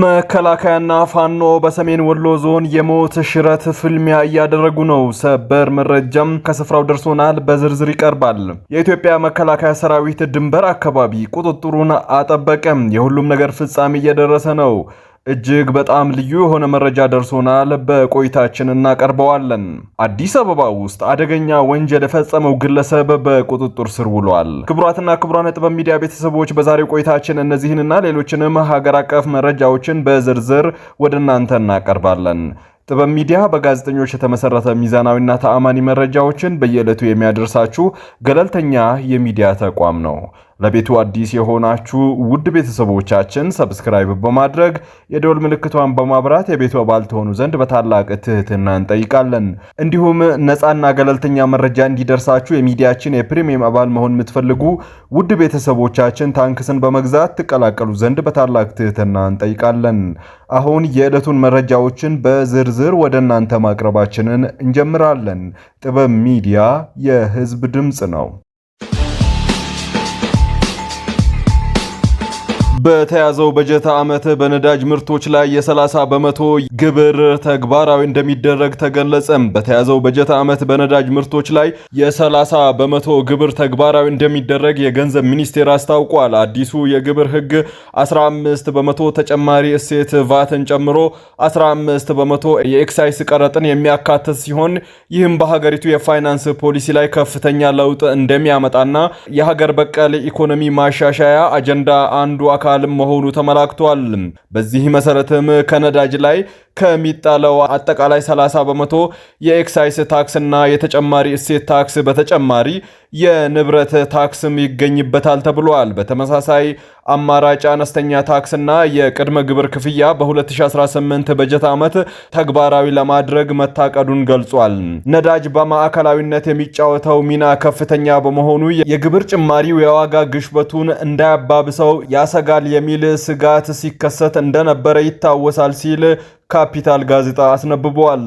መከላከያና ፋኖ በሰሜን ወሎ ዞን የሞት ሽረት ፍልሚያ እያደረጉ ነው። ሰበር መረጃም ከስፍራው ደርሶናል፣ በዝርዝር ይቀርባል። የኢትዮጵያ መከላከያ ሰራዊት ድንበር አካባቢ ቁጥጥሩን አጠበቀም። የሁሉም ነገር ፍጻሜ እየደረሰ ነው። እጅግ በጣም ልዩ የሆነ መረጃ ደርሶናል። በቆይታችን እናቀርበዋለን። አዲስ አበባ ውስጥ አደገኛ ወንጀል የፈጸመው ግለሰብ በቁጥጥር ስር ውሏል። ክቡራትና ክቡራን ጥበብ ሚዲያ ቤተሰቦች በዛሬው ቆይታችን እነዚህንና ሌሎችንም ሀገር አቀፍ መረጃዎችን በዝርዝር ወደ እናንተ እናቀርባለን። ጥበብ ሚዲያ በጋዜጠኞች የተመሰረተ ሚዛናዊና ተአማኒ መረጃዎችን በየዕለቱ የሚያደርሳችሁ ገለልተኛ የሚዲያ ተቋም ነው። ለቤቱ አዲስ የሆናችሁ ውድ ቤተሰቦቻችን ሰብስክራይብ በማድረግ የደወል ምልክቷን በማብራት የቤቱ አባል ትሆኑ ዘንድ በታላቅ ትህትና እንጠይቃለን። እንዲሁም ነፃና ገለልተኛ መረጃ እንዲደርሳችሁ የሚዲያችን የፕሪሚየም አባል መሆን የምትፈልጉ ውድ ቤተሰቦቻችን ታንክስን በመግዛት ትቀላቀሉ ዘንድ በታላቅ ትህትና እንጠይቃለን። አሁን የዕለቱን መረጃዎችን በዝርዝር ወደ እናንተ ማቅረባችንን እንጀምራለን። ጥበብ ሚዲያ የህዝብ ድምፅ ነው። በተያዘው በጀት ዓመት በነዳጅ ምርቶች ላይ የ30 በመቶ ግብር ተግባራዊ እንደሚደረግ ተገለጸ። በተያዘው በጀት ዓመት በነዳጅ ምርቶች ላይ የ30 በመቶ ግብር ተግባራዊ እንደሚደረግ የገንዘብ ሚኒስቴር አስታውቋል። አዲሱ የግብር ሕግ 15 በመቶ ተጨማሪ እሴት ቫትን ጨምሮ 15 በመቶ የኤክሳይስ ቀረጥን የሚያካትት ሲሆን ይህም በሀገሪቱ የፋይናንስ ፖሊሲ ላይ ከፍተኛ ለውጥ እንደሚያመጣና የሀገር በቀል ኢኮኖሚ ማሻሻያ አጀንዳ አንዱ አካል አካልም መሆኑ ተመላክቷል። በዚህ መሰረትም ከነዳጅ ላይ ከሚጣለው አጠቃላይ 30 በመቶ የኤክሳይስ ታክስና የተጨማሪ እሴት ታክስ በተጨማሪ የንብረት ታክስም ይገኝበታል ተብሏል። በተመሳሳይ አማራጭ አነስተኛ ታክስና የቅድመ ግብር ክፍያ በ2018 በጀት ዓመት ተግባራዊ ለማድረግ መታቀዱን ገልጿል። ነዳጅ በማዕከላዊነት የሚጫወተው ሚና ከፍተኛ በመሆኑ የግብር ጭማሪው የዋጋ ግሽበቱን እንዳያባብሰው ያሰጋል የሚል ስጋት ሲከሰት እንደነበረ ይታወሳል ሲል ካፒታል ጋዜጣ አስነብቧል።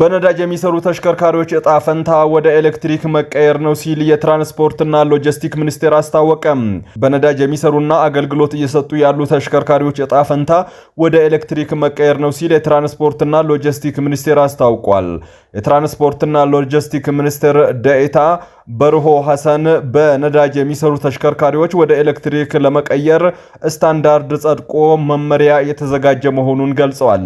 በነዳጅ የሚሰሩ ተሽከርካሪዎች እጣ ፈንታ ወደ ኤሌክትሪክ መቀየር ነው ሲል የትራንስፖርትና ሎጂስቲክ ሚኒስቴር አስታወቀም። በነዳጅ የሚሰሩና አገልግሎት እየሰጡ ያሉ ተሽከርካሪዎች እጣ ፈንታ ወደ ኤሌክትሪክ መቀየር ነው ሲል የትራንስፖርትና ሎጂስቲክ ሚኒስቴር አስታውቋል። የትራንስፖርትና ሎጂስቲክ ሚኒስትር ደኤታ በርሆ ሐሰን በነዳጅ የሚሰሩ ተሽከርካሪዎች ወደ ኤሌክትሪክ ለመቀየር ስታንዳርድ ጸድቆ መመሪያ የተዘጋጀ መሆኑን ገልጸዋል።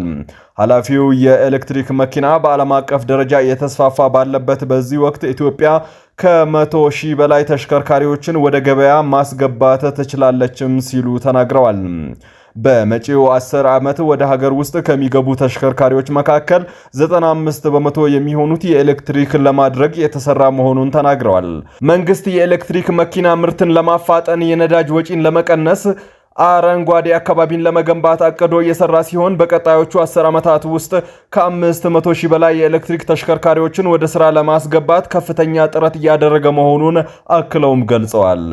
ኃላፊው የኤሌክትሪክ መኪና በዓለም አቀፍ ደረጃ የተስፋፋ ባለበት በዚህ ወቅት ኢትዮጵያ ከመቶ ሺህ በላይ ተሽከርካሪዎችን ወደ ገበያ ማስገባት ትችላለችም ሲሉ ተናግረዋል። በመጪው 10 ዓመት ወደ ሀገር ውስጥ ከሚገቡ ተሽከርካሪዎች መካከል 95 በመቶ የሚሆኑት የኤሌክትሪክ ለማድረግ የተሰራ መሆኑን ተናግረዋል። መንግስት የኤሌክትሪክ መኪና ምርትን ለማፋጠን፣ የነዳጅ ወጪን ለመቀነስ አረንጓዴ አካባቢን ለመገንባት አቅዶ እየሰራ ሲሆን በቀጣዮቹ አስር ዓመታት ውስጥ ከአምስት መቶ ሺህ በላይ የኤሌክትሪክ ተሽከርካሪዎችን ወደ ስራ ለማስገባት ከፍተኛ ጥረት እያደረገ መሆኑን አክለውም ገልጸዋል።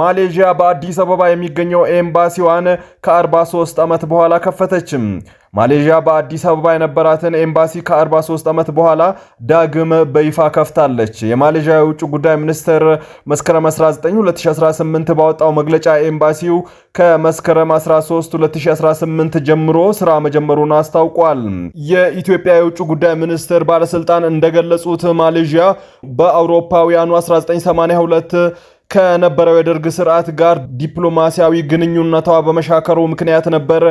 ማሌዥያ በአዲስ አበባ የሚገኘው ኤምባሲዋን ከ43 ዓመት በኋላ ከፈተችም። ማሌዥያ በአዲስ አበባ የነበራትን ኤምባሲ ከ43 ዓመት በኋላ ዳግም በይፋ ከፍታለች። የማሌዥያ የውጭ ጉዳይ ሚኒስትር መስከረም 19 2018 ባወጣው መግለጫ ኤምባሲው ከመስከረም 13 2018 ጀምሮ ስራ መጀመሩን አስታውቋል። የኢትዮጵያ የውጭ ጉዳይ ሚኒስቴር ባለስልጣን እንደገለጹት ማሌዥያ በአውሮፓውያኑ 1982 ከነበረው የደርግ ስርዓት ጋር ዲፕሎማሲያዊ ግንኙነቷ በመሻከሩ ምክንያት ነበር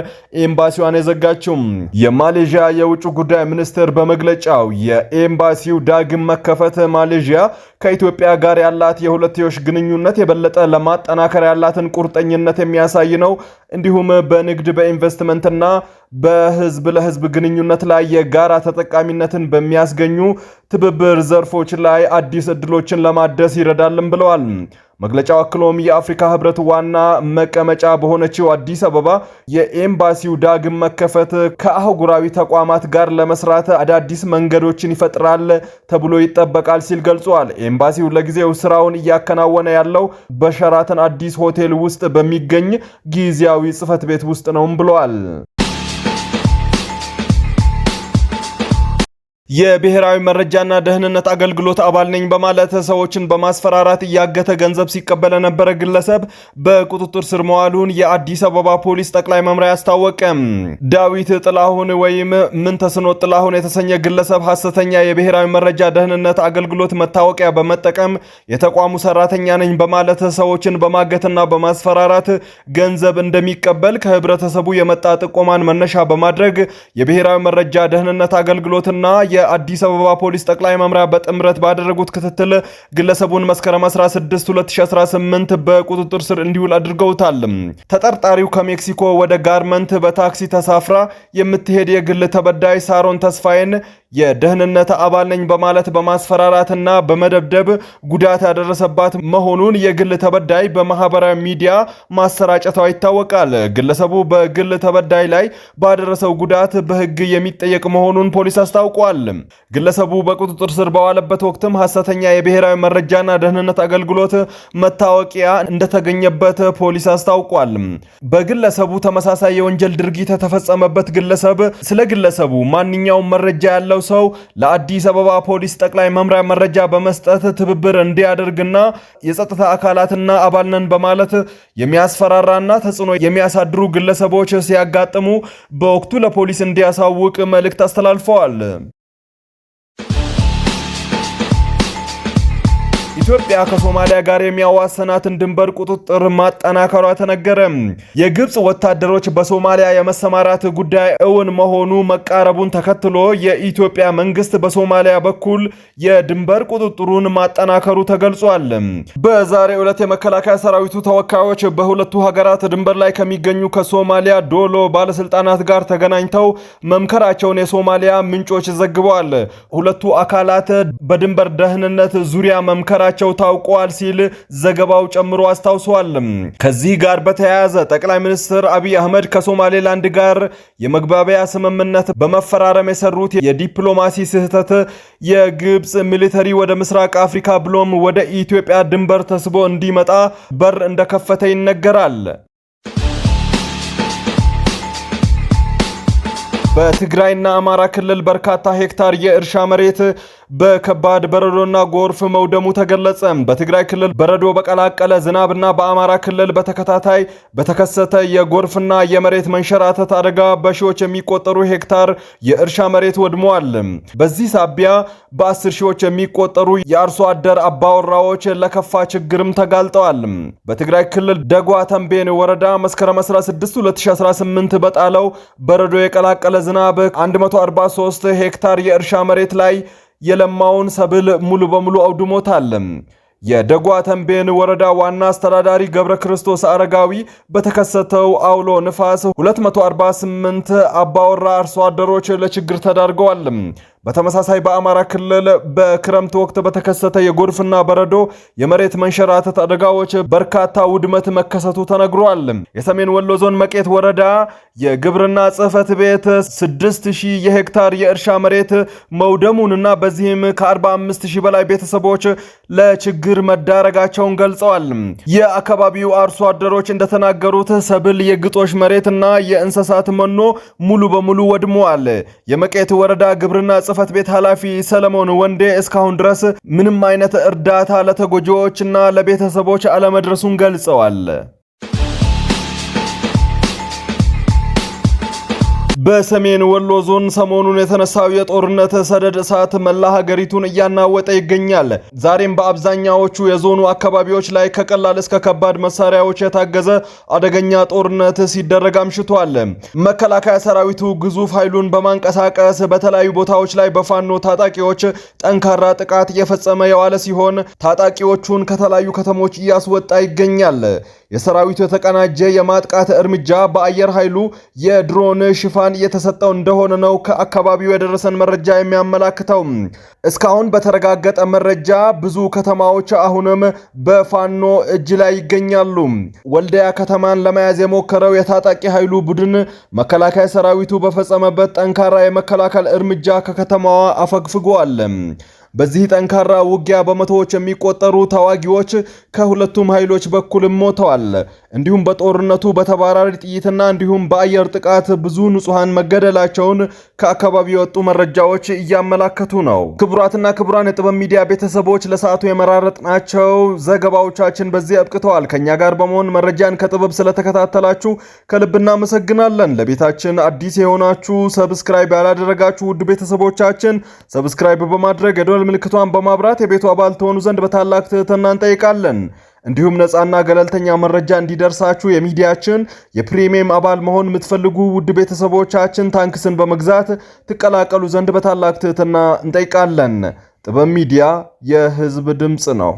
ኤምባሲዋን የዘጋችው። የማሌዥያ የውጭ ጉዳይ ሚኒስትር በመግለጫው የኤምባሲው ዳግም መከፈት ማሌዥያ ከኢትዮጵያ ጋር ያላት የሁለትዮሽ ግንኙነት የበለጠ ለማጠናከር ያላትን ቁርጠኝነት የሚያሳይ ነው፣ እንዲሁም በንግድ በኢንቨስትመንትና በህዝብ ለህዝብ ግንኙነት ላይ የጋራ ተጠቃሚነትን በሚያስገኙ ትብብር ዘርፎች ላይ አዲስ እድሎችን ለማደስ ይረዳልም ብለዋል። መግለጫው አክሎም የአፍሪካ ህብረት ዋና መቀመጫ በሆነችው አዲስ አበባ የኤምባሲው ዳግም መከፈት ከአህጉራዊ ተቋማት ጋር ለመስራት አዳዲስ መንገዶችን ይፈጥራል ተብሎ ይጠበቃል ሲል ገልጿል። ኤምባሲው ለጊዜው ስራውን እያከናወነ ያለው በሸራተን አዲስ ሆቴል ውስጥ በሚገኝ ጊዜያዊ ጽህፈት ቤት ውስጥ ነውም ብለዋል። የብሔራዊ መረጃና ደህንነት አገልግሎት አባል ነኝ በማለት ሰዎችን በማስፈራራት እያገተ ገንዘብ ሲቀበል የነበረ ግለሰብ በቁጥጥር ስር መዋሉን የአዲስ አበባ ፖሊስ ጠቅላይ መምሪያ አስታወቀ። ዳዊት ጥላሁን ወይም ምን ጥላሁን የተሰኘ ግለሰብ ሐሰተኛ የብሔራዊ መረጃ ደህንነት አገልግሎት መታወቂያ በመጠቀም የተቋሙ ሰራተኛ ነኝ በማለት ሰዎችን በማገትና በማስፈራራት ገንዘብ እንደሚቀበል ከህብረተሰቡ የመጣ ጥቆማን መነሻ በማድረግ የብሔራዊ መረጃ ደህንነት አገልግሎትና የ የአዲስ አበባ ፖሊስ ጠቅላይ መምሪያ በጥምረት ባደረጉት ክትትል ግለሰቡን መስከረም 16 2018 በቁጥጥር ስር እንዲውል አድርገውታል። ተጠርጣሪው ከሜክሲኮ ወደ ጋርመንት በታክሲ ተሳፍራ የምትሄድ የግል ተበዳይ ሳሮን ተስፋዬን የደህንነት አባል ነኝ በማለት በማስፈራራትና በመደብደብ ጉዳት ያደረሰባት መሆኑን የግል ተበዳይ በማህበራዊ ሚዲያ ማሰራጨቷ ይታወቃል። ግለሰቡ በግል ተበዳይ ላይ ባደረሰው ጉዳት በሕግ የሚጠየቅ መሆኑን ፖሊስ አስታውቋል። ግለሰቡ በቁጥጥር ስር በዋለበት ወቅትም ሐሰተኛ የብሔራዊ መረጃና ደህንነት አገልግሎት መታወቂያ እንደተገኘበት ፖሊስ አስታውቋል። በግለሰቡ ተመሳሳይ የወንጀል ድርጊት የተፈጸመበት ግለሰብ ስለ ግለሰቡ ማንኛውም መረጃ ያለው ሰው ለአዲስ አበባ ፖሊስ ጠቅላይ መምሪያ መረጃ በመስጠት ትብብር እንዲያደርግና የጸጥታ አካላትና አባልነን በማለት የሚያስፈራራና ተጽዕኖ የሚያሳድሩ ግለሰቦች ሲያጋጥሙ በወቅቱ ለፖሊስ እንዲያሳውቅ መልእክት አስተላልፈዋል። ኢትዮጵያ ከሶማሊያ ጋር የሚያዋሰናትን ድንበር ቁጥጥር ማጠናከሯ ተነገረ። የግብፅ ወታደሮች በሶማሊያ የመሰማራት ጉዳይ እውን መሆኑ መቃረቡን ተከትሎ የኢትዮጵያ መንግስት በሶማሊያ በኩል የድንበር ቁጥጥሩን ማጠናከሩ ተገልጿል። በዛሬ ዕለት የመከላከያ ሰራዊቱ ተወካዮች በሁለቱ ሀገራት ድንበር ላይ ከሚገኙ ከሶማሊያ ዶሎ ባለስልጣናት ጋር ተገናኝተው መምከራቸውን የሶማሊያ ምንጮች ዘግበዋል። ሁለቱ አካላት በድንበር ደህንነት ዙሪያ መምከራቸው መሆናቸው ታውቋል ሲል ዘገባው ጨምሮ አስታውሷል። ከዚህ ጋር በተያያዘ ጠቅላይ ሚኒስትር አብይ አህመድ ከሶማሌላንድ ጋር የመግባቢያ ስምምነት በመፈራረም የሰሩት የዲፕሎማሲ ስህተት የግብፅ ሚሊተሪ ወደ ምስራቅ አፍሪካ ብሎም ወደ ኢትዮጵያ ድንበር ተስቦ እንዲመጣ በር እንደከፈተ ይነገራል። በትግራይና አማራ ክልል በርካታ ሄክታር የእርሻ መሬት በከባድ በረዶና ጎርፍ መውደሙ ተገለጸ። በትግራይ ክልል በረዶ በቀላቀለ ዝናብና በአማራ ክልል በተከታታይ በተከሰተ የጎርፍና የመሬት መንሸራተት አደጋ በሺዎች የሚቆጠሩ ሄክታር የእርሻ መሬት ወድመዋል። በዚህ ሳቢያ በአስር ሺዎች የሚቆጠሩ የአርሶ አደር አባወራዎች ለከፋ ችግርም ተጋልጠዋል። በትግራይ ክልል ደጓ ተንቤን ወረዳ መስከረም 16 2018 በጣለው በረዶ የቀላቀለ ዝናብ 143 ሄክታር የእርሻ መሬት ላይ የለማውን ሰብል ሙሉ በሙሉ አውድሞታል። የደጓ ተንቤን ወረዳ ዋና አስተዳዳሪ ገብረ ክርስቶስ አረጋዊ በተከሰተው አውሎ ንፋስ 248 አባወራ አርሶ አደሮች ለችግር ተዳርገዋል። በተመሳሳይ በአማራ ክልል በክረምት ወቅት በተከሰተ የጎርፍና በረዶ የመሬት መንሸራተት አደጋዎች በርካታ ውድመት መከሰቱ ተነግሯል። የሰሜን ወሎ ዞን መቄት ወረዳ የግብርና ጽሕፈት ቤት 6000 የሄክታር የእርሻ መሬት መውደሙንና በዚህም ከ45000 በላይ ቤተሰቦች ለችግር መዳረጋቸውን ገልጸዋል። የአካባቢው አርሶ አደሮች እንደተናገሩት ሰብል፣ የግጦሽ መሬትና የእንስሳት መኖ ሙሉ በሙሉ ወድመዋል። የመቄት ወረዳ ግብርና ጽህፈት ቤት ኃላፊ ሰለሞን ወንዴ እስካሁን ድረስ ምንም አይነት እርዳታ ለተጎጂዎችና ለቤተሰቦች አለመድረሱን ገልጸዋል። በሰሜን ወሎ ዞን ሰሞኑን የተነሳው የጦርነት ሰደድ እሳት መላ ሀገሪቱን እያናወጠ ይገኛል። ዛሬም በአብዛኛዎቹ የዞኑ አካባቢዎች ላይ ከቀላል እስከ ከባድ መሳሪያዎች የታገዘ አደገኛ ጦርነት ሲደረግ አምሽቷል። መከላከያ ሰራዊቱ ግዙፍ ኃይሉን በማንቀሳቀስ በተለያዩ ቦታዎች ላይ በፋኖ ታጣቂዎች ጠንካራ ጥቃት እየፈጸመ የዋለ ሲሆን ታጣቂዎቹን ከተለያዩ ከተሞች እያስወጣ ይገኛል። የሰራዊቱ የተቀናጀ የማጥቃት እርምጃ በአየር ኃይሉ የድሮን ሽፋን ሽፋን እየተሰጠው እንደሆነ ነው ከአካባቢው የደረሰን መረጃ የሚያመላክተው። እስካሁን በተረጋገጠ መረጃ ብዙ ከተማዎች አሁንም በፋኖ እጅ ላይ ይገኛሉ። ወልዲያ ከተማን ለመያዝ የሞከረው የታጣቂ ኃይሉ ቡድን መከላከያ ሰራዊቱ በፈጸመበት ጠንካራ የመከላከል እርምጃ ከከተማዋ አፈግፍጓል። በዚህ ጠንካራ ውጊያ በመቶዎች የሚቆጠሩ ተዋጊዎች ከሁለቱም ኃይሎች በኩልም ሞተዋል። እንዲሁም በጦርነቱ በተባራሪ ጥይትና እንዲሁም በአየር ጥቃት ብዙ ንጹሐን መገደላቸውን ከአካባቢ የወጡ መረጃዎች እያመላከቱ ነው። ክቡራትና ክቡራን የጥበብ ሚዲያ ቤተሰቦች ለሰዓቱ የመራረጥናቸው ዘገባዎቻችን በዚህ አብቅተዋል። ከእኛ ጋር በመሆን መረጃን ከጥበብ ስለተከታተላችሁ ከልብ እናመሰግናለን። ለቤታችን አዲስ የሆናችሁ ሰብስክራይብ ያላደረጋችሁ ውድ ቤተሰቦቻችን ሰብስክራይብ በማድረግ የድል ምልክቷን በማብራት የቤቱ አባል ትሆኑ ዘንድ በታላቅ ትህትና እንጠይቃለን። እንዲሁም ነፃና ገለልተኛ መረጃ እንዲደርሳችሁ የሚዲያችን የፕሪሚየም አባል መሆን የምትፈልጉ ውድ ቤተሰቦቻችን ታንክስን በመግዛት ትቀላቀሉ ዘንድ በታላቅ ትህትና እንጠይቃለን። ጥበብ ሚዲያ የህዝብ ድምፅ ነው።